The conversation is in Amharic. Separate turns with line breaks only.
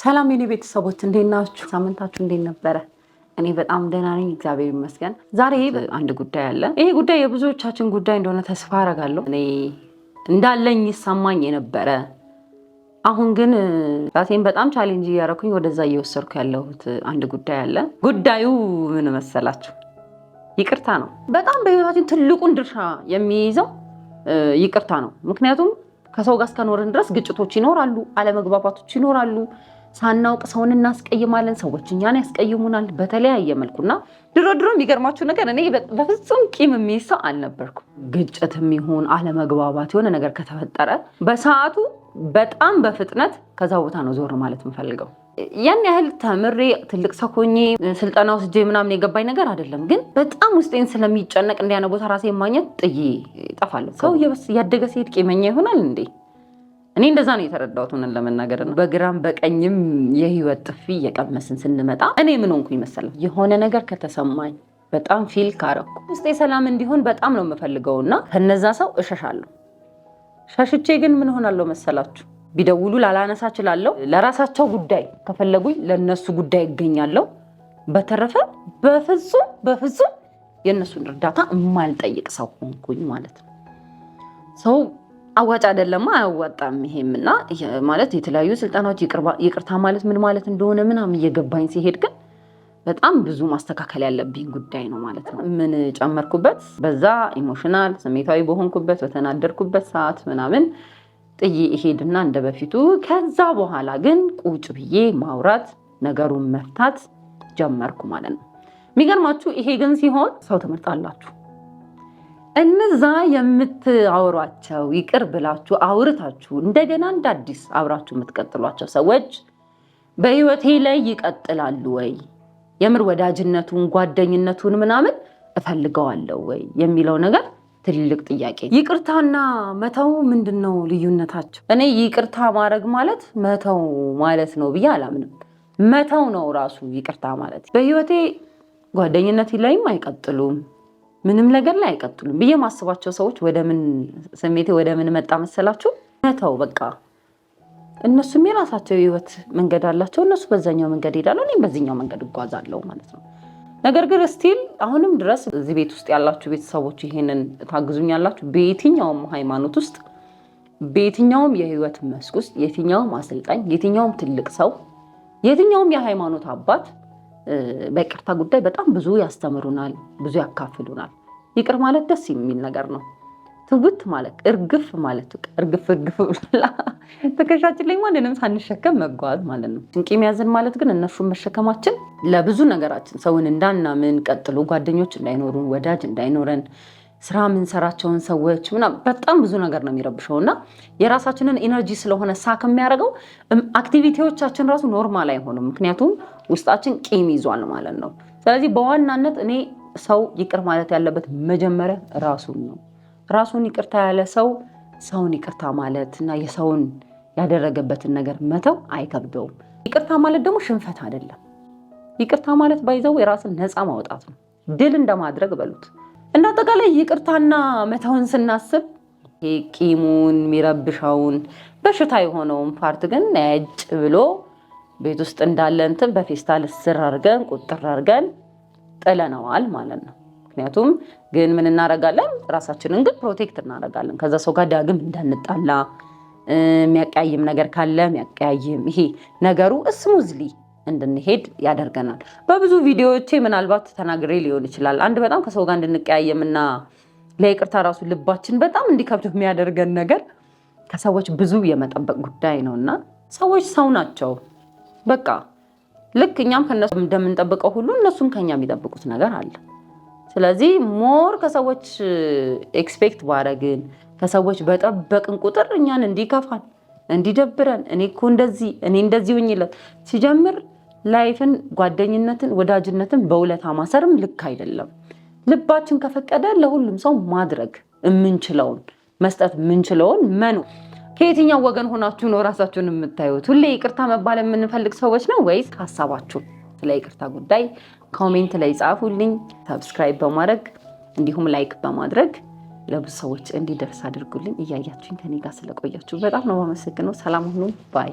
ሰላም የኔ ቤተሰቦች እንዴት ናችሁ? ሳምንታችሁ እንዴት ነበረ? እኔ በጣም ደህና ነኝ፣ እግዚአብሔር ይመስገን። ዛሬ አንድ ጉዳይ አለ። ይሄ ጉዳይ የብዙዎቻችን ጉዳይ እንደሆነ ተስፋ አደርጋለሁ። እኔ እንዳለኝ ይሰማኝ የነበረ አሁን ግን ራሴን በጣም ቻሌንጅ እያደረኩኝ ወደዛ እየወሰድኩ ያለሁት አንድ ጉዳይ አለ። ጉዳዩ ምን መሰላችሁ? ይቅርታ ነው። በጣም በህይወታችን ትልቁን ድርሻ የሚይዘው ይቅርታ ነው። ምክንያቱም ከሰው ጋር እስከኖርን ድረስ ግጭቶች ይኖራሉ፣ አለመግባባቶች ይኖራሉ ሳናውቅ ሰውን እናስቀይማለን፣ ሰዎች እኛን ያስቀይሙናል በተለያየ መልኩና ድሮ ድሮ የሚገርማችሁ ነገር እኔ በፍጹም ቂም የሚይዝ ሰው አልነበርኩም። ግጭትም ይሁን አለመግባባት የሆነ ነገር ከተፈጠረ በሰዓቱ በጣም በፍጥነት ከዛ ቦታ ነው ዞር ማለት የምፈልገው። ያን ያህል ተምሬ ትልቅ ሰው ሆኜ ስልጠና ወስጄ ምናምን የገባኝ ነገር አይደለም፣ ግን በጣም ውስጤን ስለሚጨነቅ እንዲያነ ቦታ ራሴ ማግኘት ጥዬ እጠፋለሁ። ሰው እያደገ ሲሄድ ቂመኛ ይሆናል እንዴ? እኔ እንደዛ ነው የተረዳሁት። ሆነን ለመናገር ነው በግራም በቀኝም የህይወት ጥፊ እየቀመስን ስንመጣ እኔ ምን ሆንኩ ይመስላል የሆነ ነገር ከተሰማኝ በጣም ፊል ካረኩ ውስጤ ሰላም እንዲሆን በጣም ነው እና ከነዛ ሰው እሸሻለሁ። ሸሽቼ ግን ምን ሆናለሁ መሰላችሁ? ቢደውሉ ላላነሳ እችላለሁ። ለራሳቸው ጉዳይ ከፈለጉኝ ለእነሱ ጉዳይ እገኛለሁ። በተረፈ በፍጹም በፍጹም የእነሱን እርዳታ የማልጠይቅ ሰው ሆንኩኝ ማለት ነው ሰው አዋጭ አይደለም አያዋጣም። ይሄም እና ማለት የተለያዩ ስልጠናዎች ይቅርታ ማለት ምን ማለት እንደሆነ ምናምን እየገባኝ ሲሄድ ግን በጣም ብዙ ማስተካከል ያለብኝ ጉዳይ ነው ማለት ነው። ምን ጨመርኩበት? በዛ ኢሞሽናል ስሜታዊ በሆንኩበት በተናደርኩበት ሰዓት ምናምን ጥዬ እሄድና እንደ በፊቱ ከዛ በኋላ ግን ቁጭ ብዬ ማውራት ነገሩን መፍታት ጀመርኩ ማለት ነው። የሚገርማችሁ ይሄ ግን ሲሆን ሰው ትምህርት አላችሁ እነዛ የምታወሯቸው ይቅር ብላችሁ አውርታችሁ እንደገና እንደ አዲስ አብራችሁ የምትቀጥሏቸው ሰዎች በህይወቴ ላይ ይቀጥላሉ ወይ? የምር ወዳጅነቱን ጓደኝነቱን ምናምን እፈልገዋለሁ ወይ የሚለው ነገር ትልቅ ጥያቄ። ይቅርታና መተው ምንድን ነው ልዩነታቸው? እኔ ይቅርታ ማድረግ ማለት መተው ማለት ነው ብዬ አላምንም። መተው ነው ራሱ ይቅርታ ማለት። በህይወቴ ጓደኝነት ላይም አይቀጥሉም ምንም ነገር ላይ አይቀጥሉም ብዬ ማስባቸው ሰዎች ወደ ምን ስሜቴ ወደ ምን መጣ መሰላችሁ? ነተው በቃ እነሱም የራሳቸው የህይወት መንገድ አላቸው። እነሱ በዛኛው መንገድ ሄዳለሁ፣ እኔም በዚኛው መንገድ እጓዛለሁ ማለት ነው። ነገር ግን ስቲል አሁንም ድረስ እዚህ ቤት ውስጥ ያላችሁ ቤተሰቦች ይሄንን ታግዙኛላችሁ። በየትኛውም ሃይማኖት ውስጥ በየትኛውም የህይወት መስክ ውስጥ የትኛውም አሰልጣኝ፣ የትኛውም ትልቅ ሰው፣ የትኛውም የሃይማኖት አባት በይቅርታ ጉዳይ በጣም ብዙ ያስተምሩናል፣ ብዙ ያካፍሉናል። ይቅር ማለት ደስ የሚል ነገር ነው። ትውት ማለት እርግፍ ማለት እርግፍ እርግፍ ብላ ትከሻችን ላይ ማንንም ሳንሸከም መጓዝ ማለት ነው። ጭንቅ የሚያዝን ማለት ግን እነሱን መሸከማችን ለብዙ ነገራችን ሰውን እንዳናምን ቀጥሎ ጓደኞች እንዳይኖሩን፣ ወዳጅ እንዳይኖረን ስራ የምንሰራቸውን ሰዎች ምናምን በጣም ብዙ ነገር ነው የሚረብሸው እና የራሳችንን ኢነርጂ ስለሆነ ሳክ የሚያደርገው አክቲቪቲዎቻችን ራሱ ኖርማል አይሆንም። ምክንያቱም ውስጣችን ቂም ይዟል ማለት ነው። ስለዚህ በዋናነት እኔ ሰው ይቅር ማለት ያለበት መጀመሪያ ራሱን ነው። ራሱን ይቅርታ ያለ ሰው ሰውን ይቅርታ ማለት እና የሰውን ያደረገበትን ነገር መተው አይከብደውም። ይቅርታ ማለት ደግሞ ሽንፈት አይደለም። ይቅርታ ማለት ባይዘው የራስን ነፃ ማውጣት ነው። ድል እንደማድረግ በሉት። እንደ አጠቃላይ ይቅርታና መተውን ስናስብ ቂሙን የሚረብሻውን በሽታ የሆነውን ፓርት ግን ነጭ ብሎ ቤት ውስጥ እንዳለ እንትን በፌስታል ስር አድርገን ቁጥር አድርገን ጥለነዋል ማለት ነው። ምክንያቱም ግን ምን እናደርጋለን? ራሳችንን ግን ፕሮቴክት እናደርጋለን። ከዛ ሰው ጋር ዳግም እንዳንጣላ የሚያቀያይም ነገር ካለ የሚያቀያይም ይሄ ነገሩ ስሙዝሊ እንድንሄድ ያደርገናል። በብዙ ቪዲዮዎቼ ምናልባት ተናግሬ ሊሆን ይችላል። አንድ በጣም ከሰው ጋር እንድንቀያየምና ለይቅርታ ራሱ ልባችን በጣም እንዲከብድ የሚያደርገን ነገር ከሰዎች ብዙ የመጠበቅ ጉዳይ ነው እና ሰዎች ሰው ናቸው። በቃ ልክ እኛም ከነሱ እንደምንጠብቀው ሁሉ እነሱም ከኛ የሚጠብቁት ነገር አለ። ስለዚህ ሞር ከሰዎች ኤክስፔክት ባረግን ከሰዎች በጠበቅን ቁጥር እኛን እንዲከፋን እንዲደብረን እኔ እኮ እንደዚህ እኔ እንደዚህ ውኝለት ሲጀምር ላይፍን፣ ጓደኝነትን፣ ወዳጅነትን በውለታ ማሰርም ልክ አይደለም። ልባችን ከፈቀደ ለሁሉም ሰው ማድረግ የምንችለውን መስጠት የምንችለውን መኑ ከየትኛው ወገን ሆናችሁ ነው ራሳችሁን የምታዩት? ሁሌ ይቅርታ መባል የምንፈልግ ሰዎች ነው ወይስ ሀሳባችሁ ስለ ይቅርታ ጉዳይ ኮሜንት ላይ ጻፉልኝ። ሰብስክራይብ በማድረግ እንዲሁም ላይክ በማድረግ ለብዙ ሰዎች እንዲደርስ አድርጉልኝ። እያያችሁኝ ከኔ ጋር ስለቆያችሁ በጣም ነው ማመሰግነው። ሰላም ሁኑ ባይ